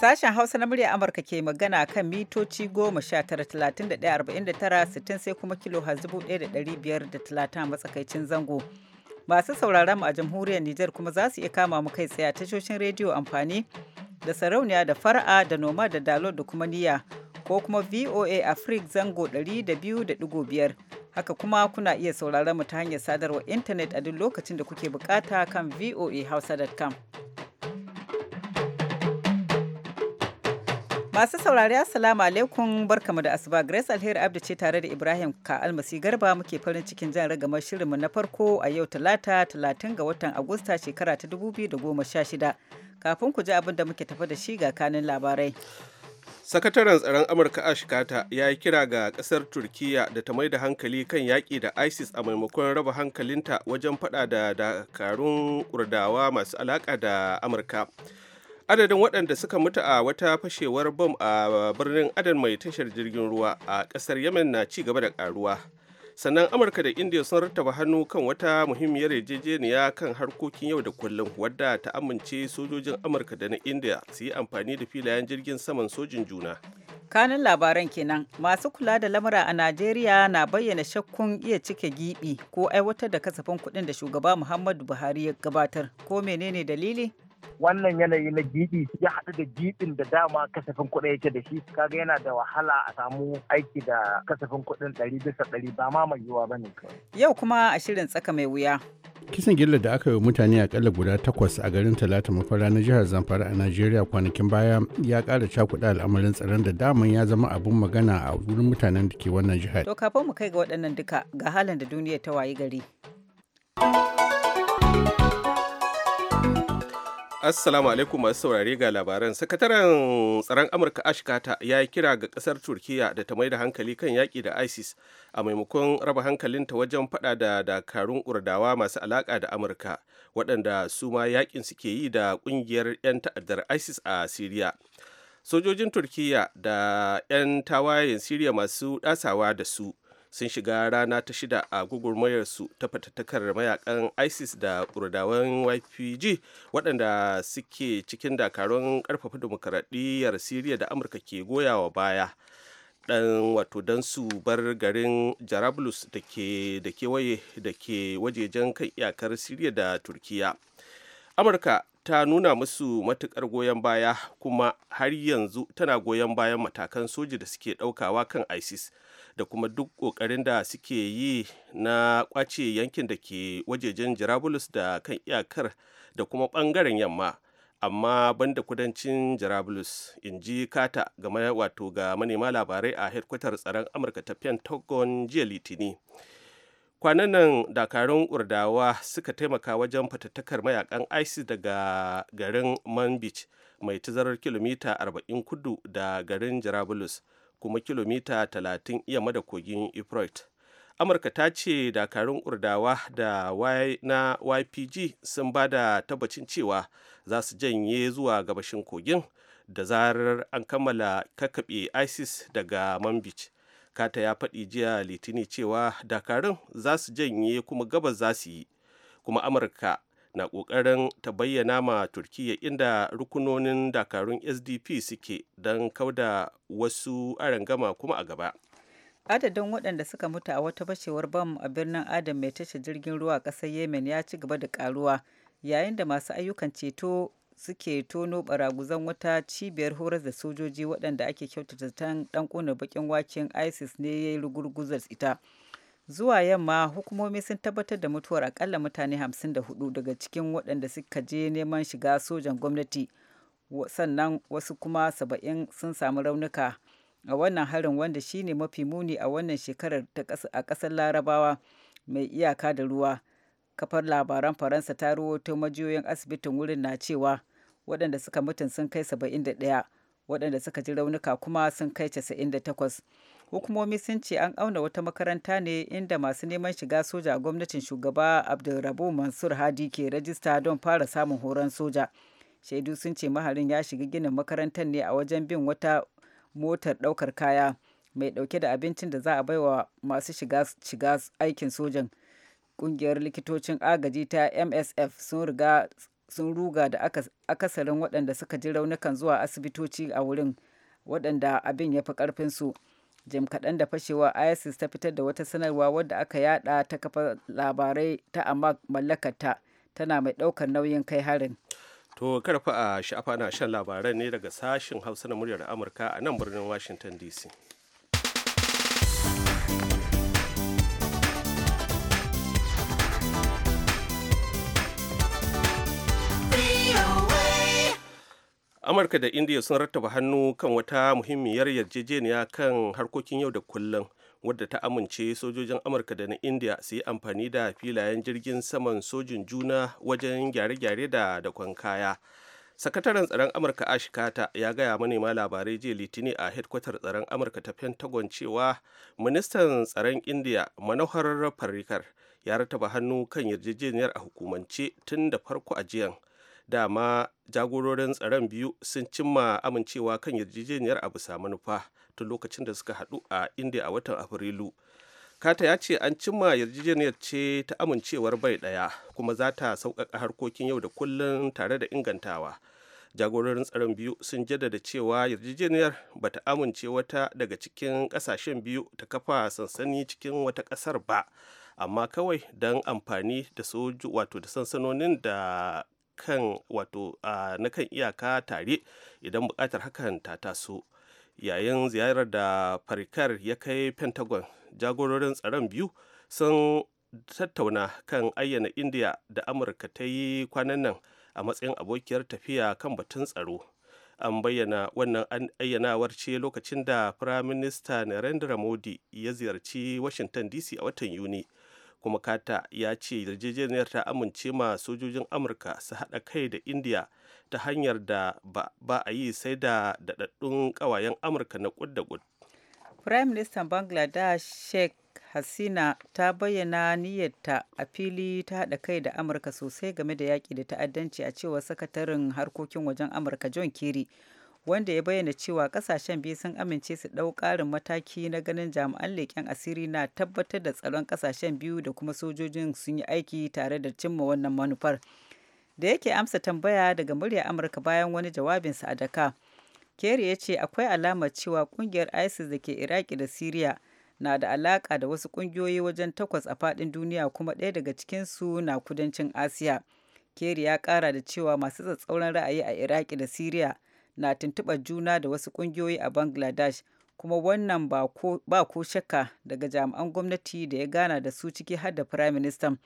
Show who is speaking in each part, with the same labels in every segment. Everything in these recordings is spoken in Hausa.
Speaker 1: Sashen Hausa na murya Amurka ke magana kan mitoci goma sha tara da ɗaya arba'in da tara sittin sai kuma kilo ha zubu ɗaya da ɗari biyar da talatin a matsakaicin zango. Masu sauraron mu a jamhuriyar Nijar kuma za su iya kama mu kai tsaye a tashoshin rediyo amfani da sarauniya da far'a da noma da dalo da kuma niyya ko kuma VOA Africa zango ɗari da biyu da ɗigo biyar. Haka kuma kuna iya sauraron mu ta hanyar sadarwar intanet a duk lokacin da kuke bukata kan voahausa.com. Masu saurari Assalamu alaikum barkamu da asuba Grace Alheri Abdu ce tare da Ibrahim Ka Almasi Garba muke farin cikin jan ragamar shirinmu na farko a yau Talata 30 ga watan Agusta shekara ta 2016. Kafin ku ji abin da muke tafa da shi ga kanin labarai.
Speaker 2: Sakataren tsaron Amurka Ashkata ya yi kira ga kasar Turkiyya da ta mai da hankali kan yaƙi da ISIS a maimakon raba hankalinta wajen faɗa da dakarun Kurdawa masu alaƙa da Amurka. adadin waɗanda suka mutu a wata fashewar bom a birnin adan mai tashar jirgin ruwa a ƙasar yemen na ci gaba da ƙaruwa sannan amurka da indiya sun rattaba hannu kan wata muhimmiyar yarjejeniya kan harkokin yau da kullum wadda ta amince sojojin amurka da na indiya su yi amfani da filayen jirgin saman sojin juna
Speaker 1: kanun labaran kenan masu kula da lamura a najeriya na bayyana shakkun iya cike gibi ko aiwatar da kasafin kuɗin da shugaba muhammadu buhari ya gabatar ko menene dalili wannan yanayi na gidi ya haɗu da gibin da dama kasafin kuɗi yake da shi kaga yana da wahala
Speaker 3: a samu aiki da kasafin kuɗin ɗari bisa ɗari ba ma mai yiwuwa bane
Speaker 1: yau kuma a shirin tsaka mai wuya
Speaker 4: kisan gilla da aka yi mutane akalla guda takwas a garin talata mafara na jihar zamfara a najeriya kwanakin baya ya kara cakuɗa al'amarin tsaron da daman ya zama abun magana a wurin mutanen da ke wannan jihar to
Speaker 1: kafin mu kai ga waɗannan duka ga halin da duniya ta wayi gari
Speaker 2: Assalamu alaikum masu saurare ga labaran. Sakataren tsaron Amurka Ashkata ya yi kira ga kasar Turkiya da ta mai da hankali kan yaƙi da ISIS a maimakon raba hankalinta wajen faɗa da dakarun Urdawa masu alaƙa da Amurka waɗanda su ma yaƙin suke yi da ƙungiyar 'yan ta'addar ISIS a Siriya. Sojojin Turkiya da 'yan tawayen Siriya masu ɗasawa da su. sun shiga rana ta shida a gugurmayarsu ta fatattakar mayakan isis da kurdawan ypg waɗanda suke cikin dakarun ƙarfafa demokaradiyyar siriya da amurka ke goyawa baya dan wato dan su bar garin jarablus da ke da kewaye da ke wajejen kan iyakar siriya da turkiya amurka ta nuna musu matukar goyon baya kuma har yanzu tana goyon bayan matakan soji da suke daukawa kan isis da kuma duk kokarin da suke yi na kwace yankin da ke wajejen jirabulus da kan iyakar da kuma bangaren yamma amma banda kudancin jirabulus in ji kata game wato ga manema labarai a hedkwatar tsaron amurka ta pentagon jiya litini. kwanan nan dakarun urdawa suka taimaka wajen fatattakar mayakan isis daga garin manbij mai tazarar kilomita 40 kudu da garin jarabulus kuma kilomita 30 iya mada kogin ifroit amurka ta ce dakarun urdawa da na ypg sun ba da tabbacin cewa za su janye zuwa gabashin kogin da zarar an kammala kakabe isis daga manbij kata ya faɗi jiya litini cewa dakarun za su janye kuma gabas za su yi kuma amurka na ƙoƙarin ta bayyana ma turkiyya inda rukunonin dakarun sdp suke don kauda wasu arangama kuma a gaba
Speaker 1: adadin waɗanda suka mutu a wata bashewar bam a birnin adam mai tashi jirgin ruwa ƙasar yemen ya ci gaba da ƙaruwa yayin da masu ayyukan ceto suke tono baraguzan wata cibiyar horar da sojoji waɗanda ake kyautata ɗan ƙunar bakin waken isis ne ya yi rugurguzar ita zuwa yamma hukumomi sun tabbatar da mutuwar akalla mutane 54 daga cikin waɗanda suka je neman shiga sojan gwamnati sannan wasu kuma 70 sun samu raunuka a wannan harin wanda shine mafi muni a wannan shekarar a ƙasar larabawa mai iyaka da ruwa kafar labaran faransa ta rawaito majiyoyin asibitin wurin na cewa waɗanda suka mutum sun kai 71 waɗanda suka ji raunuka kuma sun kai 98 hukumomi sun ce an auna wata makaranta ne inda masu neman shiga soja a gwamnatin shugaba abdulrabu mansur hadi ke rajista don fara samun horon soja shaidu sun ce maharin ya shiga ginin makarantar ne a wajen bin wata motar ɗaukar kaya mai ɗauke da abincin da za a baiwa masu shiga aikin sojan kungiyar likitocin agaji ta MSF sun riga sun ruga da akasarin waɗanda suka ji raunukan zuwa asibitoci a wurin waɗanda abin ya fi ƙarfinsu. Jim kaɗan da fashewa ISIS ta fitar da wata sanarwa wadda aka yada ta kafa labarai ta amma mallakarta tana mai ɗaukar nauyin kai harin.
Speaker 2: To karfa a sha'afa na shan labarai ne daga sashen Hausa na muryar Amurka a nan birnin Washington DC. amurka da india sun rattaba hannu kan wata muhimmiyar yarjejeniya kan harkokin yau da kullum wadda ta amince sojojin amurka da na india su yi amfani da filayen jirgin saman sojin juna wajen gyare-gyare da dakon kaya sakataren tsaron amurka ashikata ya gaya manema labarai jiya litini a hedkwatar tsaron amurka ta pentagon cewa ministan tsaron india manohar farikar ya rataba hannu kan yarjejeniyar a hukumance tun da farko a jiyan dama jagororin tsaron biyu sun cimma amincewa kan yarjejeniyar a bisa manufa tun lokacin da suka haɗu a india a watan afrilu kata ya ce an cimma yarjejeniyar ce ta amincewar bai ɗaya kuma za ta sauƙaƙa harkokin yau da kullum tare da ingantawa jagororin tsaron biyu sun jaddada cewa yarjejeniyar ba ta amince wata daga cikin ƙasashen biyu ta kafa sansani cikin wata ƙasar ba amma kawai don amfani da soju wato da sansanonin da kan wato na kan iyaka tare idan bukatar hakan ta taso yayin ziyarar da farkar ya kai pentagon jagororin tsaron biyu sun tattauna kan ayyana india da amurka ta yi kwanan nan a matsayin abokiyar tafiya kan batun tsaro an bayyana wannan ayyanawar ce lokacin da firaminista narendra modi ya ziyarci washington dc a watan yuni kuma kata ya ce yarjejeniyar ta amince ma sojojin amurka su haɗa kai da indiya ta hanyar da ba a yi sai da daɗaɗɗun ƙawayen amurka na ƙud da ƙud
Speaker 1: prime minister bangladesh sheikh hasina ta bayyana niyyarta a fili ta haɗa kai da amurka sosai game da yaƙi da ta'addanci a cewar sakataren harkokin wajen amurka john kerry wanda ya bayyana cewa kasashen biyu sun amince su ɗau ƙarin mataki na ganin jami'an leƙen asiri na tabbatar da tsaron kasashen biyu da kuma sojojin sun yi aiki tare da cimma wannan manufar da yake amsa tambaya daga murya amurka bayan wani jawabinsa a daka kerry ya ce akwai alamar cewa ƙungiyar isis da ke iraki da syria na da alaka da wasu ƙungiyoyi wajen takwas a faɗin duniya kuma ɗaya daga cikinsu na kudancin asiya kerry ya kara da cewa masu tsatsauran ra'ayi a iraki da syria na tuntuɓar juna da wasu ƙungiyoyi a Bangladesh kuma wannan ba ko shakka daga jami'an gwamnati da ya gana da su ciki har da Firayim Ministan.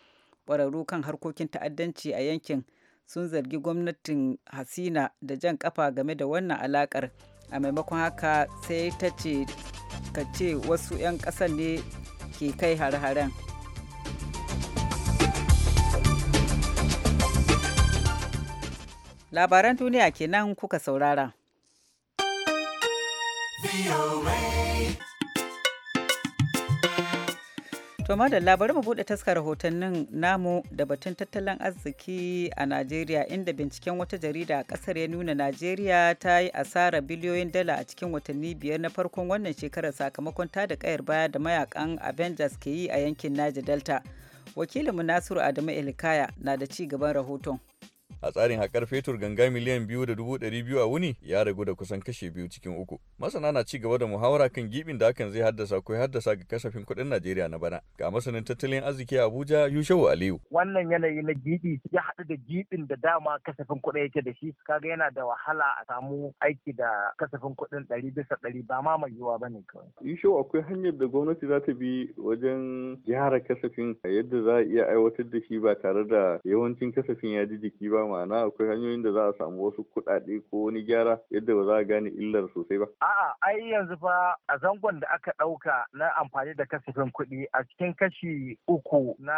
Speaker 1: Ƙwararru kan harkokin ta'addanci a yankin sun zargi gwamnatin Hasina da jan ƙafa game da wannan alaƙar a maimakon haka sai ta ce ka ce wasu 'yan ƙasar ne ke kai hare-haren. Labaran duniya kenan kuka saurara. To madalla bari mu bude taskar rahotannin namu da batun tattalin arziki a Najeriya inda binciken wata jarida a kasar ya nuna Najeriya ta yi asara biliyoyin dala a cikin watanni biyar na farkon wannan shekarar sakamakon ta da kayar baya da mayakan Avengers ke yi a yankin Niger Delta. Wakilinmu Nasiru Adamu Elikaya na da ci gaban rahoton.
Speaker 5: a tsarin haƙar fetur ganga miliyan biyu da dubu ɗari biyu a wuni ya ragu da kusan kashe biyu cikin uku masana na ci gaba da muhawara kan gibin da hakan zai haddasa ko haddasa ga kasafin kuɗin najeriya na bana ga masanin tattalin arziki abuja yushewu aliyu
Speaker 3: wannan yanayi na gibi ya haɗu da gibin da dama kasafin kuɗin yake da shi kaga yana da wahala a samu aiki da kasafin kuɗin ɗari bisa ɗari ba ma mai yiwuwa ba ne kawai.
Speaker 5: yushewu akwai hanyar da gwamnati za ta bi wajen gyara kasafin yadda za a iya aiwatar da shi ba tare da yawancin kasafin ya ji jiki ba ma'ana akwai hanyoyin da za a samu wasu kuɗaɗe ko wani gyara yadda ba za a gane illar sosai ba.
Speaker 3: A'a, ai yanzu fa a zangon da aka ɗauka na amfani da kasafin kuɗi a cikin kashi uku na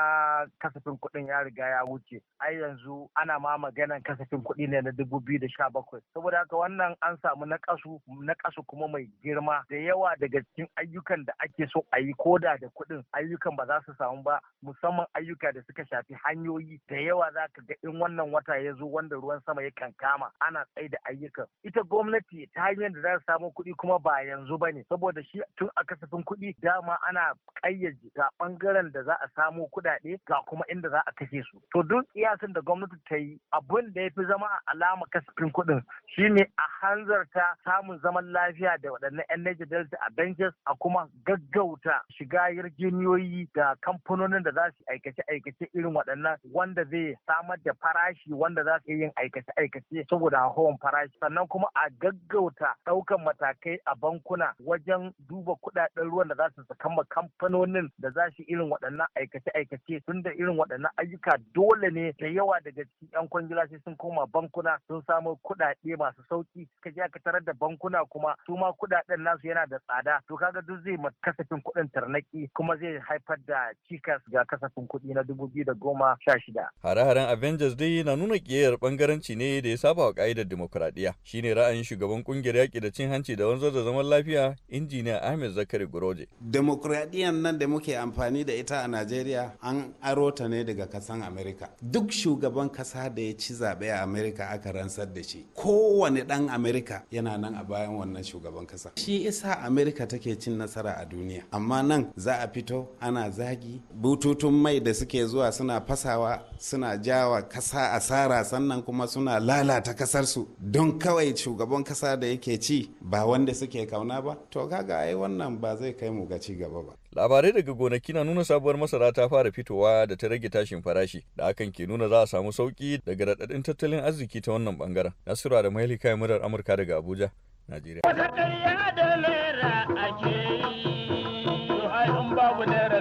Speaker 3: kasafin kuɗin ya riga ya wuce. Ai yanzu ana ma maganan kasafin kuɗi ne na dubu biyu da sha bakwai. Saboda haka wannan an samu na kasu na kasu kuma mai girma da yawa daga cikin ayyukan da ake so a yi koda da kuɗin ayyukan ba za su samu ba musamman ayyuka da suka shafi hanyoyi da yawa za ka ga in wannan wata ya zo wanda ruwan sama ya kankama ana tsaye da ayyukan ita gwamnati ta hanyar da za a samu kuɗi kuma ba yanzu ba ne saboda shi tun a kasafin kuɗi dama ana ƙayyaji ga ɓangaren da za a samo kuɗaɗe ga kuma inda za a kashe su to duk kiyasin da gwamnati ta yi abin da ya fi zama alama kasafin
Speaker 6: kuɗin shine
Speaker 3: a hanzarta samun zaman lafiya da waɗannan 'yan Niger Delta a benches a kuma gaggauta shiga yarjejeniyoyi da kamfanonin da za su aikace-aikace irin waɗannan wanda zai samar da farashi wanda wanda za su yin aikace-aikace saboda hawan farashi sannan kuma a gaggauta ɗaukan matakai a bankuna wajen duba kuɗaɗen ruwan da za su ma kamfanonin da za su irin waɗannan aikace-aikace tun da irin waɗannan ayyuka dole ne da yawa daga cikin 'yan kwangila sai sun koma bankuna sun samu kuɗaɗe masu sauki suka je aka tarar da bankuna kuma su ma kuɗaɗen nasu yana da tsada to kaga duk zai ma kasafin kuɗin tarnaki kuma zai haifar da cikas ga kasafin kuɗi na dubu biyu da goma sha shida.
Speaker 5: Hare-haren Avengers dai na nuna ƙiyar bangaranci ne da ya saba wa ka'idar dimokuraɗiyya shine ra'ayin shugaban kungiyar yaƙi da cin hanci da wanzar da zaman lafiya injiniya ahmed zakari guroje dimokuraɗiyyan nan da muke amfani da ita a najeriya an aro ta
Speaker 4: ne daga kasan amerika duk shugaban ƙasa da ya ci zaɓe a amerika aka rantsar da shi kowane ɗan amerika yana nan a bayan wannan shugaban kasa shi isa amerika take cin nasara a duniya amma nan za a fito ana zagi bututun mai da suke zuwa suna fasawa suna jawa kasa asara gyara sannan kuma suna lalata kasarsu don kawai shugaban kasa da yake ci ba wanda suke kauna ba to kaga ai wannan ba zai kai mu ga ci gaba ba
Speaker 5: labarai daga gonaki na nuna sabuwar masara ta fara fitowa da ta rage tashin farashi da hakan ke nuna za a samu sauki daga raɗaɗin tattalin arziki ta wannan bangaren nasura da maili kai murar amurka daga abuja najeriya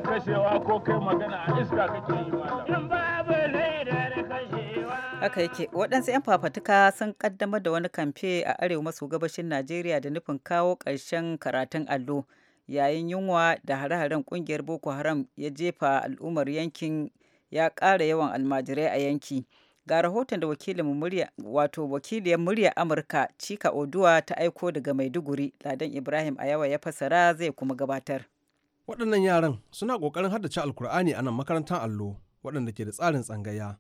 Speaker 6: kashewa ko kai magana a iska kake yi
Speaker 1: malam haka yake waɗansu 'yan fafatuka sun kaddamar da wani kamfe a arewa maso gabashin najeriya da nufin kawo ƙarshen karatun allo yayin yunwa da hare-haren ƙungiyar boko haram ya jefa al'ummar yankin ya ƙara yawan almajirai a yanki ga rahoton da wakiliyar murya amurka cika oduwa ta aiko daga maiduguri ladan ibrahim ayawa ya fasara zai kuma gabatar
Speaker 7: waɗannan yaran suna ƙoƙarin haddace alkur'ani a nan makarantar allo waɗanda ke da tsarin tsangaya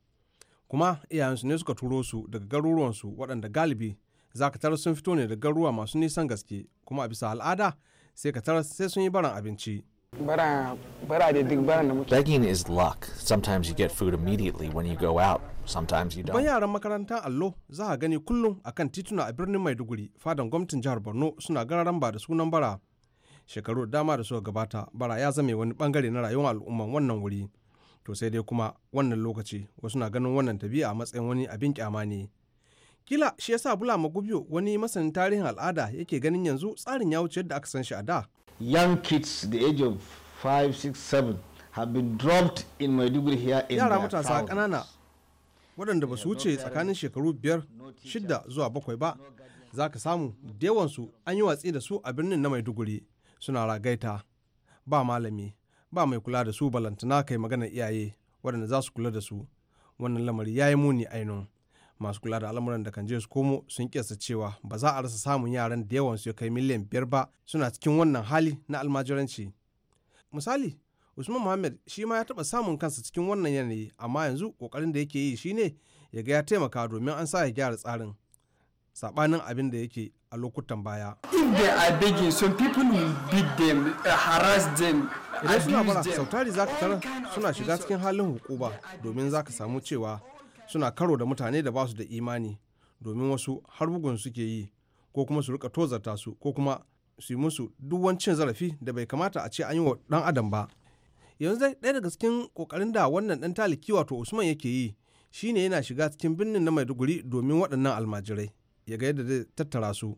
Speaker 7: kuma iyayensu ne suka turo su daga garuruwansu waɗanda galibi za ka tarar sun fito ne da garuruwa masu nisan gaske kuma a bisa al'ada sai ka tarar sai sun yi baran abinci
Speaker 3: Begging is luck. Sometimes
Speaker 2: you get food immediately when you go out. Sometimes you don't. Ban
Speaker 7: yaran makarantar allo za a gani kullum a kan tituna a birnin Maiduguri fadan gwamnatin jihar Borno suna gararan ba da sunan bara. Shekaru dama da suka gabata bara ya zame wani bangare na rayuwar al'umman wannan wuri. to sai dai kuma wannan lokaci wasu na ganin wannan tabi'a a matsayin wani abin kyama ne kila shi yasa bula magubiyo wani masanin tarihin al'ada yake ganin yanzu tsarin ya wuce yadda aka san shi a da young kids the age of 5 6 7 have been dropped in maiduguri here in yara matasa kanana waɗanda ba su wuce tsakanin shekaru biyar shidda zuwa bakwai ba za ka samu da yawansu an yi watsi da su a birnin na maiduguri suna ragaita ba malami ba mai kula da su balantana kai magana iyaye waɗanda za su kula da su wannan lamari ya yi muni ainun masu kula da al'amuran da kan je su komo sun kiyasta cewa ba za a rasa samun yaran da yawan su ya kai miliyan biyar ba suna cikin wannan hali na almajiranci misali usman muhammad shi ma ya taɓa samun kansa cikin wannan yanayi amma yanzu ƙoƙarin da yake yi shi ne ya ga ya taimaka domin an sa ya gyara tsarin sabanin abin da yake a lokutan baya.
Speaker 1: If they are
Speaker 4: begging, some people will beat them, uh, harass them, idan suna bara sautari za ka tara
Speaker 7: suna shiga cikin halin hukuma domin za ka samu cewa suna karo da mutane da ba su da imani domin wasu har bugun suke yi ko kuma su rika tozarta su ko kuma su yi musu duk wancin zarafi da bai kamata a ce an yi wa dan adam ba yanzu ɗaya daga cikin kokarin da wannan dan taliki wato usman yake yi shine yana shiga cikin birnin na maiduguri domin waɗannan almajirai ya ga yadda zai tattara su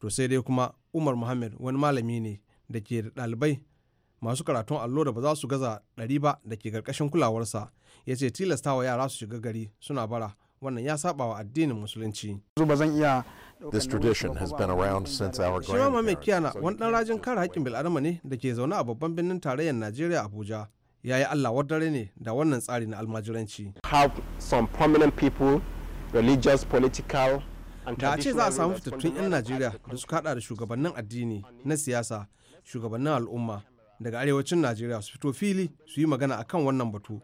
Speaker 7: to sai dai kuma umar muhammad wani malami ne da ke da ɗalibai masu karatun allo da ba za su gaza ɗari ba da ke karkashin kulawarsa ya ce wa yara su shiga gari suna bara wannan ya saba wa addinin musulunci.
Speaker 2: This tradition has been around since our Shi ma
Speaker 7: mai kiyana wani ɗan rajin kare haƙƙin bil'adama ne da ke zaune a babban birnin tarayyar Najeriya Abuja. Ya yi Allah wadare ne da wannan tsari na almajiranci. Have some prominent people, religious, political, da a ce za a samu fitattun 'yan najeriya da suka hada da shugabannin addini na siyasa shugabannin al'umma daga arewacin najeriya su fito fili su yi magana akan wannan batu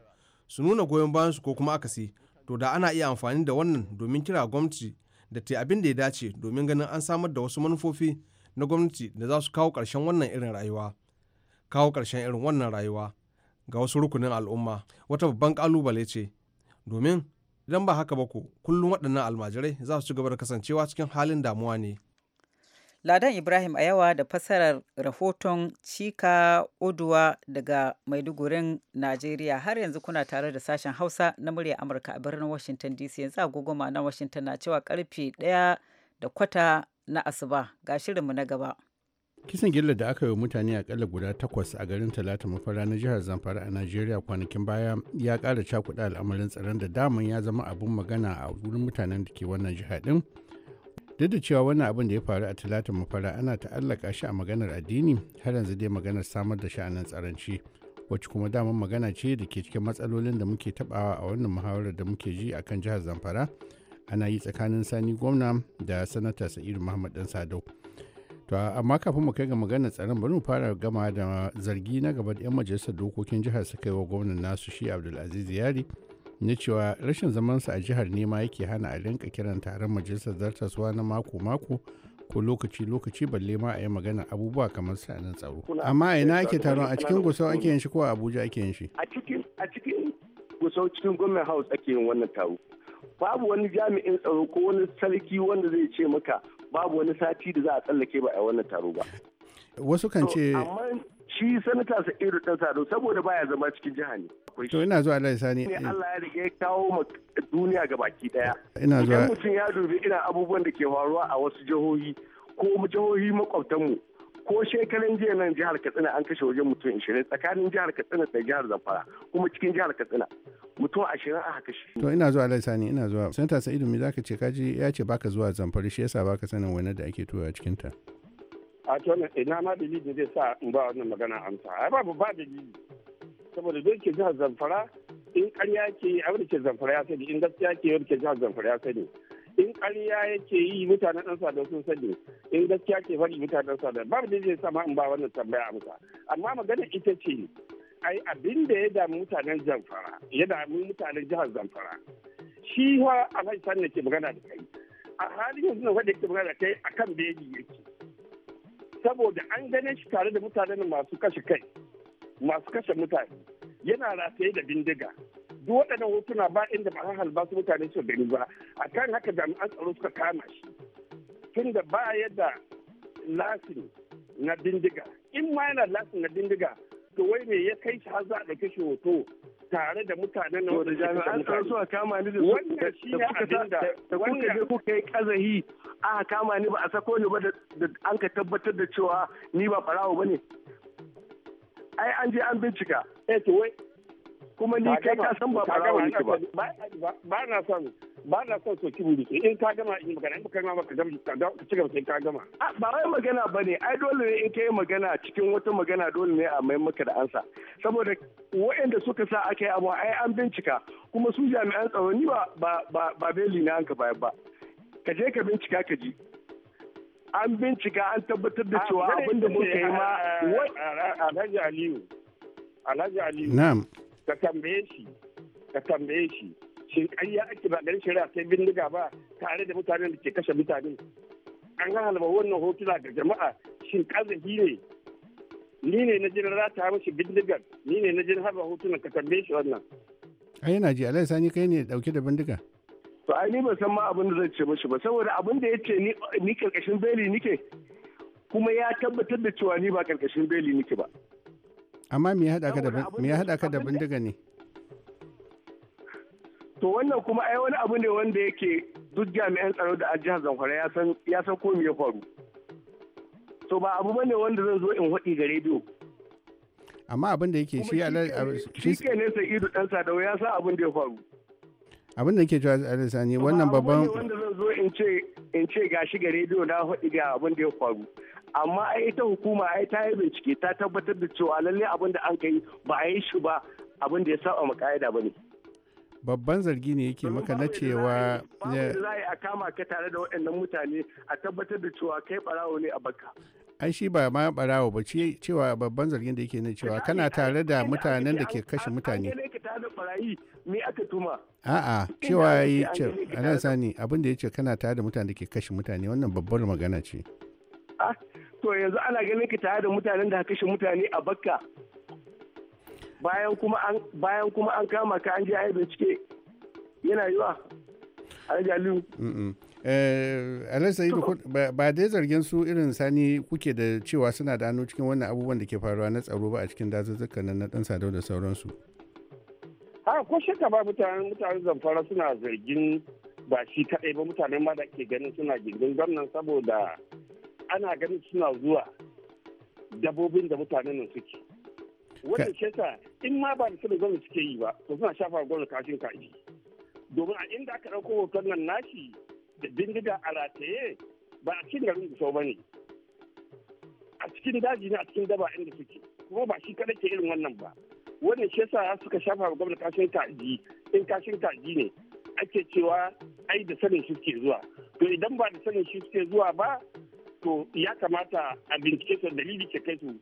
Speaker 7: su nuna goyon bayansu ko kuma akasi to da ana iya amfani da wannan domin kira gwamnati da ta abin da ya dace domin ganin an samar da wasu manufofi na gwamnati da za su kawo ƙarshen wannan irin rayuwa kawo ƙarshen irin wannan rayuwa ga wasu rukunin al'umma wata babban kalubale ce domin idan ba haka ba ku kullum waɗannan almajirai za su ci gaba da kasancewa cikin halin damuwa ne
Speaker 1: Ladan Ibrahim a yawa da fassarar rahoton cika Oduwa daga Maidugurin Najeriya har yanzu kuna tare da sashen Hausa na murya Amurka a birnin Washington DC yanzu agogoma na Washington na cewa karfe ɗaya da kwata na asuba ga shirinmu na gaba.
Speaker 4: Kisan gilla da aka yi wa mutane akalla guda takwas a garin Talata mafara na jihar Zamfara a Najeriya kwanakin baya ya ƙara cakuɗa al'amarin tsaron da daman ya zama abun magana a wurin mutanen da ke wannan jihar ɗin. duk da cewa wannan abin da ya faru a talatin mafara ana ta'allaka shi a maganar addini har yanzu dai maganar samar da sha'anin tsaranci wacce kuma damar magana ce da ke cikin matsalolin da muke tabawa a wannan muhawarar da muke ji a kan jihar zamfara ana yi tsakanin sani gwamna da sanata sa'idu muhammad dan sadau to amma kafin mu kai ga maganar tsaron bari mu fara gama da zargi na gaba da 'yan majalisar dokokin jihar suka yi wa gwamnan nasu shi abdulaziz yari na cewa rashin zamansa a jihar nema yake hana a rinka kiran taron majalisar zartaswa na mako-mako ko lokaci-lokaci balle ma a yi magana abubuwa kamar sa'anin tsaro
Speaker 6: amma ina ake taron a cikin gusau ake yin
Speaker 4: shi ko a abuja ake yin shi
Speaker 6: a cikin a cikin gusau cikin gwamnan house ake yin wannan taro babu wani jami'in tsaro ko wani sarki wanda zai ce maka babu wani sati da za a tsallake ba a wannan taro ba
Speaker 4: wasu kan ce
Speaker 6: shi sanata sa'idu dan sado saboda baya zama cikin jiha ne
Speaker 4: to ina zuwa Allah sani ne Allah
Speaker 6: ya riga ya kawo ma duniya ga baki daya ina zuwa idan mutum ya dubi ina abubuwan da ke faruwa a wasu jihohi ko jihohi makwabtan mu ko shekaran jiya nan jihar Katsina an kashe wajen mutum 20 tsakanin jihar Katsina da jihar Zamfara kuma cikin jihar Katsina mutum 20 aka kashe
Speaker 4: to ina zuwa Allah sani ina zuwa sanata sa'idu me zaka ce kaji ya ce baka zuwa Zamfara shi yasa baka sanin wani da ake tura cikin ta
Speaker 6: a tonan ina ma dalilin zai sa in ba wannan magana amsa ai babu ba dalili saboda duk ke jihar zamfara in ƙarya ke yi abin da ke zamfara ya sani in gaskiya ke yi ke jihar zamfara ya sani in ƙarya yake yi mutanen ɗan sada sun sani in gaskiya ke faɗi mutanen sada babu da zai ma in ba wannan tambaya amsa amma magana ita ce ai abin da ya damu mutanen zamfara ya damu mutanen jihar zamfara shi wa a haifar da ke magana da kai a halin yanzu na wadda ke magana da kai akan beji yake saboda an gane shi tare da mutanen masu kashe kai masu kashe mutane yana rataye da bindiga duk waɗannan hotuna ba inda ba ba su mutane su gani ba akan haka jami'an tsaro suka kama shi tun da ba yadda lasin na bindiga in ma yana lasin na bindiga da wai me ya kai shi har za a kashe hoto tare da mutanen na da jami'an tsaro suka kama ni da su wannan shi abin da kuka je kuka yi kazahi aka kama ni ba a sako ni ba da an ka tabbatar da cewa ni ba farawo bane ai an je an bincika eh to wai kuma ni kai ka san ba farawa nake ba ba na son ba na son soki buri in ka gama in magana in ka gama ka gama ka ci gaba sai ka gama ah, ba wai magana bane ai dole ne in kai magana cikin wata magana dole ne a mai maka da ansa saboda waɗanda suka sa aka yi abu ai an bincika kuma su jami'an tsaro ni ba ba ba beli na anka bayar ba ka je ka bincika ka ji an bincika an tabbatar da ah, cewa abin da muka yi ma ah, Alhaji Aliyu Alhaji Aliyu Na'am ka tambaye shi ka tambaye shi shin ya ake ba garin shari'a sai bindiga ba tare da mutanen da ke kashe mutane an halba wannan hotuna ga jama'a shin ƙazafi ne ni ne na jin rata mashi bindigar ni ne na jin harba hotunan ka tambaye shi wannan
Speaker 4: a yana ji alai sani kai ne dauke da bindiga
Speaker 6: to ai ni ban san ma abin da zai ce mashi ba saboda abin da yace ni ni karkashin beli nike kuma ya tabbatar da cewa ni ba karkashin beli nike ba
Speaker 4: amma me ya haɗa ka da bindiga ne
Speaker 6: to wannan kuma ai wani abu ne wanda yake duk jami'an tsaro da jihar zamfara ya san ya san ko me ya faru to ba abu bane wanda zan zo in haɗi ga rediyo
Speaker 4: amma abin da yake shi shi
Speaker 6: ke ne sai ido dan da ya san abin da ya faru
Speaker 4: abin da yake cewa alisa ne wannan babban wanda
Speaker 6: zan zo in ce in ce gashi ga rediyo na haɗi ga abin da ya faru amma ai ita hukuma ai ta yi bincike ta tabbatar da cewa lalle abin da an kai ba a yi shi ba abin da ya saba ma ka'ida ba ne
Speaker 4: babban zargi ne yake maka na cewa za
Speaker 6: a kama ka tare da waɗannan mutane a tabbatar da cewa kai barawo ne a baka
Speaker 4: ai shi ba ma barawo ba cewa babban zargin da yake na cewa kana tare da mutanen da ke kashe mutane
Speaker 6: me aka tuma
Speaker 4: a'a cewa yi ce nan sani abin da ya ce kana tare da mutanen da ke kashe mutane wannan babbar magana ce
Speaker 6: ah, to yanzu ana ganin ka tare da mutanen da kashe mutane a bakka bayan kuma an kama ka an je yadda cike yana yiwa a aliyu
Speaker 4: eh, ba dai zargin su irin sani kuke da cewa suna da hannu cikin wannan abubuwan da ke faruwa na tsaro ba a cikin dazuzzuka na dan sadau da sauransu
Speaker 6: ha ko shakka ba mutanen mutanen zamfara suna zargin ba shi kaɗai ba mutanen ma da ke ganin suna gindin gwamnan saboda ana ganin suna zuwa dabobin da mutanen nan suke wannan shesa in ma ba da sanin gwamnati suke yi ba to suna shafa gwamnati kashin kaji domin a inda aka ɗauko hoton nan nashi da bindiga a rataye ba a cikin garin gusau ba ne a cikin daji ne a cikin daba inda suke kuma ba shi kaɗai ke irin wannan ba wannan shesa suka shafa gwamnati kashin kaji in kashin kaji ne ake cewa ai da sanin shi suke zuwa to idan ba da sanin shi suke zuwa ba to ya kamata a bincike su dalili ke kai su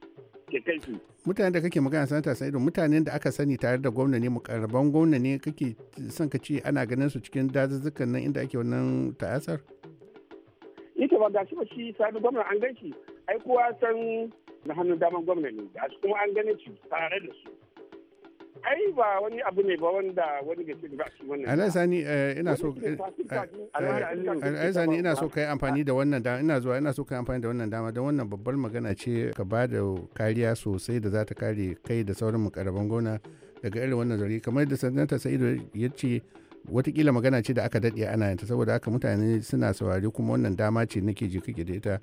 Speaker 5: ke
Speaker 4: mutanen da kake magana sanata sai mutanen da aka sani tare da gwamna ne mukarraban gwamna ne kake son ka ce ana ganin su cikin dazuzzukan nan inda ake wannan ta'asar
Speaker 6: ita ba gashi ba shi sani gwamna an gan shi ai kowa san na hannun daman gwamna ne gashi kuma an ganin shi tare da su ai ba wani abu ne ba wanda wani da ke ba shi wannan alai sani eh, ina so eh, eh, sani ina
Speaker 4: so kai amfani da wannan dama ina zuwa ina so kai amfani da wannan dama don wannan babbar magana ce ka ba da kariya sosai da za ta kare kai da sauran mukarraban gona daga irin wannan zargi kamar da sanata sa'idu ya ce watakila magana ce da aka daɗe ana yanta saboda haka mutane suna saurari kuma wannan dama ce nake ji kake da ita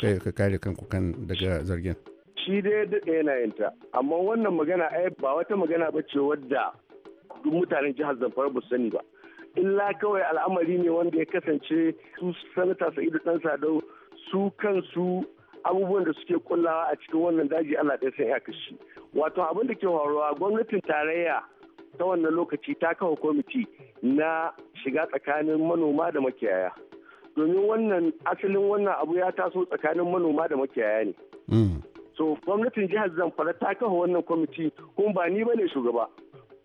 Speaker 4: kai ka kare kanku kan daga zargin.
Speaker 6: shi dai ya daɗe yana yin amma wannan magana ai ba wata magana ba ce wadda duk mutanen jihar zamfara ba sani ba illa kawai al'amari ne wanda ya kasance su sanata sa'idu dan sadau su kansu abubuwan da suke kullawa a cikin wannan daji allah ɗaya san ya kashi wato abin da ke faruwa gwamnatin tarayya ta wannan lokaci ta kawo kwamiti na shiga tsakanin manoma da makiyaya domin wannan asalin wannan abu ya taso tsakanin manoma da makiyaya ne mm. so gwamnatin jihar zamfara ta kafa wannan kwamiti kuma ba ni bane shugaba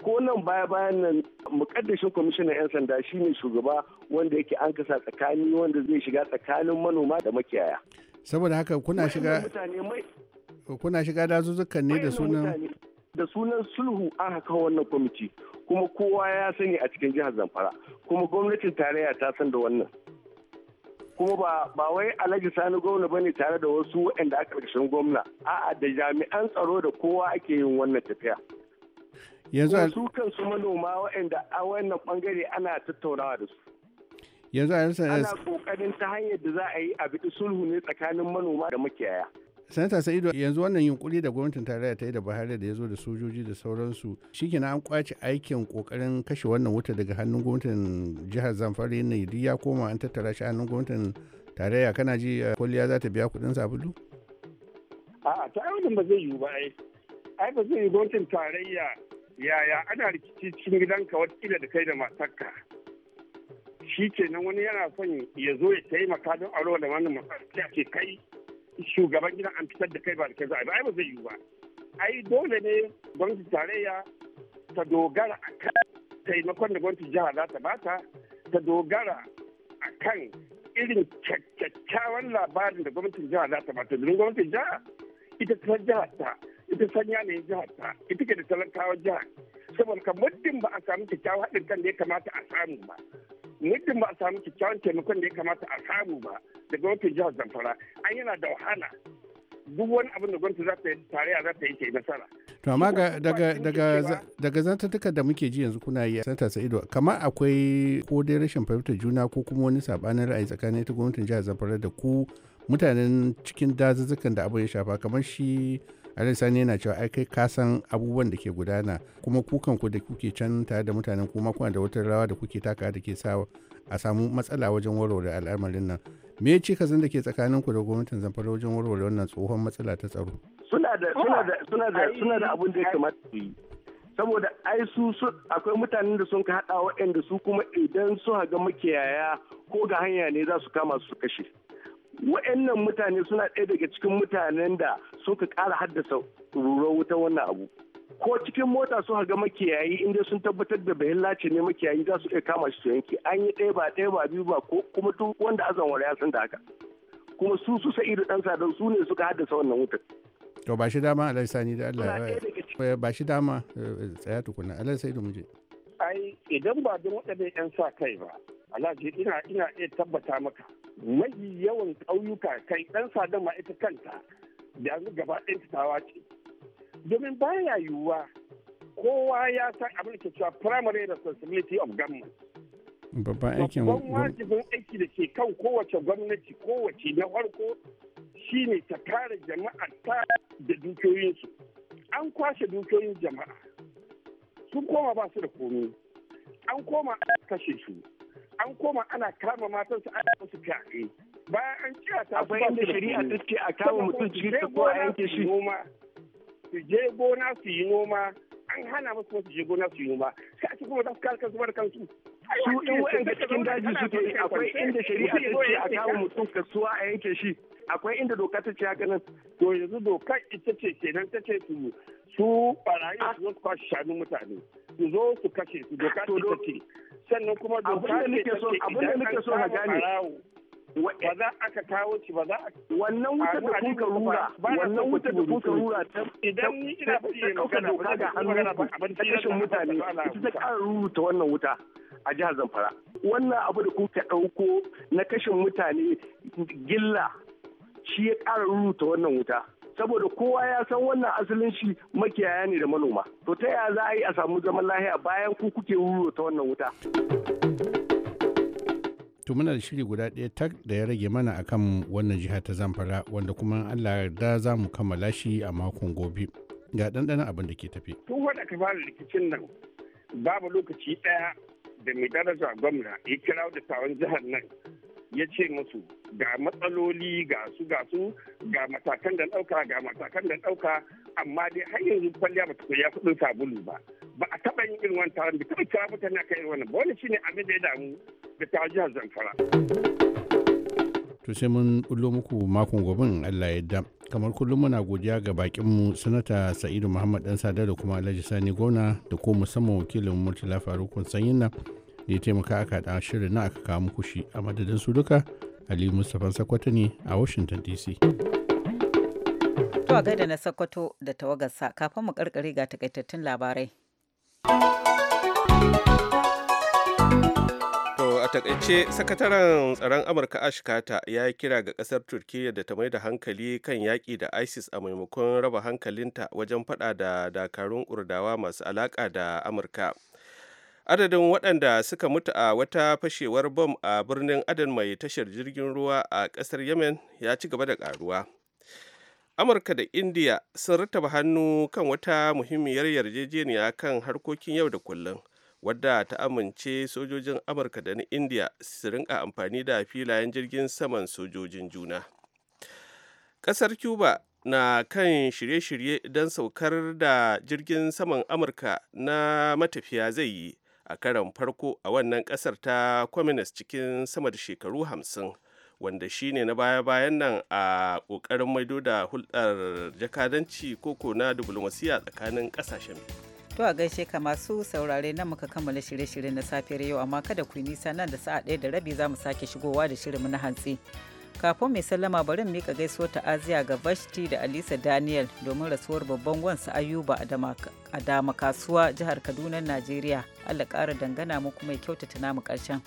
Speaker 6: ko nan baya bayan nan mukaddashin kwamishinan 'yan sanda shine shugaba wanda yake an kasa tsakani wanda zai shiga tsakanin manoma da makiyaya
Speaker 4: saboda haka kuna shiga kuna shiga dazuzzukan ne da sunan
Speaker 6: da sunan sulhu an haka wannan kwamiti kuma kowa ya sani a cikin jihar zamfara kuma gwamnatin tarayya ta san da wannan kuma ba wai alhaji sani gwamna ba ne tare da wasu waɗanda aka ƙarshen gwamna a'a da jami'an tsaro da kowa ake yin wannan tafiya yanzu su kansu manoma waɗanda a wannan bangare ana tattaunawa da su
Speaker 4: yanzu a ana
Speaker 6: kokarin ta hanyar da za a yi a bi sulhu ne tsakanin manoma da makiyaya
Speaker 4: sanata sa'idu yanzu wannan yunkuri da gwamnatin tarayya ta yi da buhari da ya zo da sojoji da sauransu shikenan an kwace aikin kokarin kashe wannan wuta daga hannun gwamnatin jihar zamfara ne duk ya koma an tattara shi hannun gwamnatin tarayya kana ji eh, kwalliya za ta biya kuɗin sabulu
Speaker 6: a'a ta aiwatin ba zai yiwu ba ai ai ba zai yi gwamnatin tarayya yaya ana rikici cikin gidanka watakila da kai da matarka shi kenan wani yana son ya zo ya taimaka don aro da wani matsala ce kai shugaban gidan an fitar da kai ba da kai za a ai ba zai yiwu ba ai dole ne gwamnati tarayya ta dogara a kan taimakon da gwamnati jiha za ta bata ta dogara a kan irin kyakkyawan labarin da gwamnatin jiha za ta bata domin gwamnatin jiha ita ta jihar ta ita sanya ne jihar ta ita ke da talakawa jihar saboda ka muddin ba a samu kyakkyawan haɗin kan da ya kamata a samu ba muddin ba a samu kyakkyawan taimakon da ya kamata a samu ba da gwamnatin jihar zamfara an yana da wahala duk wani abin da gwamnati za ta za ta yi ke nasara
Speaker 4: to amma daga zantattukan da muke ji yanzu kuna yi santa sa ido kamar akwai ko dai rashin fahimtar juna ko kuma wani sabanin ra'ayi tsakanin ta gwamnatin jihar zamfara da ku mutanen cikin dazuzzukan da abu ya shafa kamar shi alai sani yana cewa ai kai ka san abubuwan da ke gudana kuma kukan ku da kuke can tare da mutanen kuma kuna da wata rawa da kuke taka da ke sa a samu matsala wajen warware al'amarin nan me ce cikasin da ke tsakanin ku da gwamnatin zamfara wajen warware wannan tsohon matsala ta tsaro
Speaker 6: suna da suna da suna abin da ya kamata su yi saboda ai su akwai mutanen da sun ka hada waɗanda su kuma idan su ga makiyaya ko ga hanya ne za su kama su kashe waɗannan mutane suna ɗaya daga cikin mutanen da suka ƙara haddasa ruruwar wuta wannan abu ko cikin mota su haga makiyayi inda sun tabbatar da bayan lace ne makiyayi za su iya kama shi su yanki an yi ɗaya ba ɗaya ba biyu ba ko kuma duk wanda azan wara ya san da haka kuma su su sa'idu dan sadan su ne suka haddasa wannan wutar
Speaker 4: to ba shi dama alai sani da Allah ya eh, ba shi dama eh, tsaya tukuna alai sai da muje
Speaker 6: ai idan ba don waɗanda yan sa kai ba alhaji ina ina iya tabbata maka mai yawan ƙauyuka kai dan sadan ma ita kanta da gaba ɗin tawa ce domin baya yiwuwa kowa ya san abin da ke cewa primary responsibility of government
Speaker 4: babban aikin wajibin
Speaker 6: aiki da ke kan kowace gwamnati kowace na farko shine ta kare jama'a ta da dukiyoyinsu an kwashe dukiyoyin jama'a sun koma ba su da komi an koma ana kashe su an koma ana kama matansu ana musu fyaɗe bayan an kiyata su ba su da shari'a dace a kama mutunci ko yanke shi su je gona su yi noma an hana musu su je gona su yi noma sai a ci kuma za su zubar kansu su in wa'anda cikin daji su ke akwai inda shari'a ta ce a kawo mutum kasuwa a yanke shi akwai inda doka ta ce haka nan to yanzu doka ita ce kenan ta ce su su barayi su zo su kwashe shanu mutane su zo su kashe su doka ta ce sannan kuma doka ta ce abin da nake so ka gane ba za aka kawo shi ba za wannan wutar da kuka rura wannan wutar da kuka rura ta idan ni ina faɗi magana doka ga hannu ta kashin mutane ita ta ƙara ruruta wannan wuta a jihar Zamfara wannan abu da kuka ɗauko na kashin mutane gilla shi ya ƙara ruruta wannan wuta saboda kowa ya san wannan asalin shi makiyaya ne da manoma to ta yaya za a yi a samu zaman lahiya bayan ku kuke rurota wannan wuta
Speaker 4: to muna da shiri guda ɗaya tak da ya rage mana akan wannan jiha ta zamfara wanda kuma allah yarda za mu kammala shi a makon gobe ga ɗanɗanon abin da ke tafi.
Speaker 6: tun wadda ka fara rikicin nan babu lokaci ɗaya da mai daraja gwamna ya kira da tawon jihar nan ya ce musu ga matsaloli ga su ga su ga matakan da ɗauka ga matakan da ɗauka amma dai har yanzu kwalliya ba ta koya kudin sabulu ba ba a taɓa yin irin wani taron da taɓa kira mutane a kan irin wannan ba wani shine abin da ya damu da ta jihar zamfara.
Speaker 4: to sai mun bullo muku makon gobin allah ya da kamar kullum muna godiya ga bakinmu sanata sa'idu muhammad dan sada da kuma alhaji sani gona da ko musamman wakilin murtala farukun sanyin nan da ya taimaka aka da shirin na aka kawo muku shi a madadin su duka ali mustapha sakwata ne a washington dc.
Speaker 1: zuwa a gaida na Sokoto da tawagarsa kafin mu karkare ga takaitattun labarai.
Speaker 2: To a takaice sakataren tsaron Amurka ashkata ya yi kira ga kasar Turkiyya da ta mai da hankali kan yaƙi da ISIS a maimakon raba hankalinta wajen fada da dakarun urdawa masu alaƙa da Amurka. adadin waɗanda suka mutu a wata fashewar bom a birnin adan mai tashar jirgin ruwa a ƙasar yemen ya ci gaba da ƙaruwa amurka da indiya sun rattaba hannu kan wata muhimmiyar yarjejeniya kan harkokin yau da kullum wadda ta amince sojojin amurka da na indiya su rinka amfani da filayen jirgin saman sojojin juna ƙasar cuba na kan shirye-shirye don saukar da jirgin saman amurka na matafiya zai yi a karan farko a wannan ƙasar ta communist cikin sama da shekaru hamsin wanda shine na baya-bayan nan a kokarin maido da hulɗar jakadanci koko na diplomasiya tsakanin ƙasashen
Speaker 1: To a gaishe ka masu saurare nan muka kammala shirye-shirye na safiyar yau amma kada ku yi nisa nan da sa'a ɗaya da rabi za mu sake shigowa da shirinmu na hantsi. kafin mai sallama bari mu mika gaisuwar ta'aziya ga Vashti da Alisa Daniel domin rasuwar babban wansa Ayuba a dama kasuwa jihar Kaduna Najeriya. Allah ƙara dangana mu kuma ya kyautata namu ƙarshen.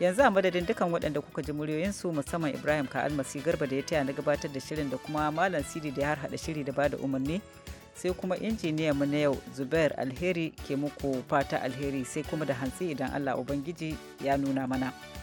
Speaker 1: yanzu a madadin dukan waɗanda kuka ji muryoyin su musamman ibrahim ka almasi garba da ya taya na gabatar da shirin da kuma malam sidi da ya harhaɗa shiri da bada umarni sai kuma injiniya mu na yau zubair alheri ke muku fata alheri sai kuma da hantsi idan allah ubangiji ya nuna mana.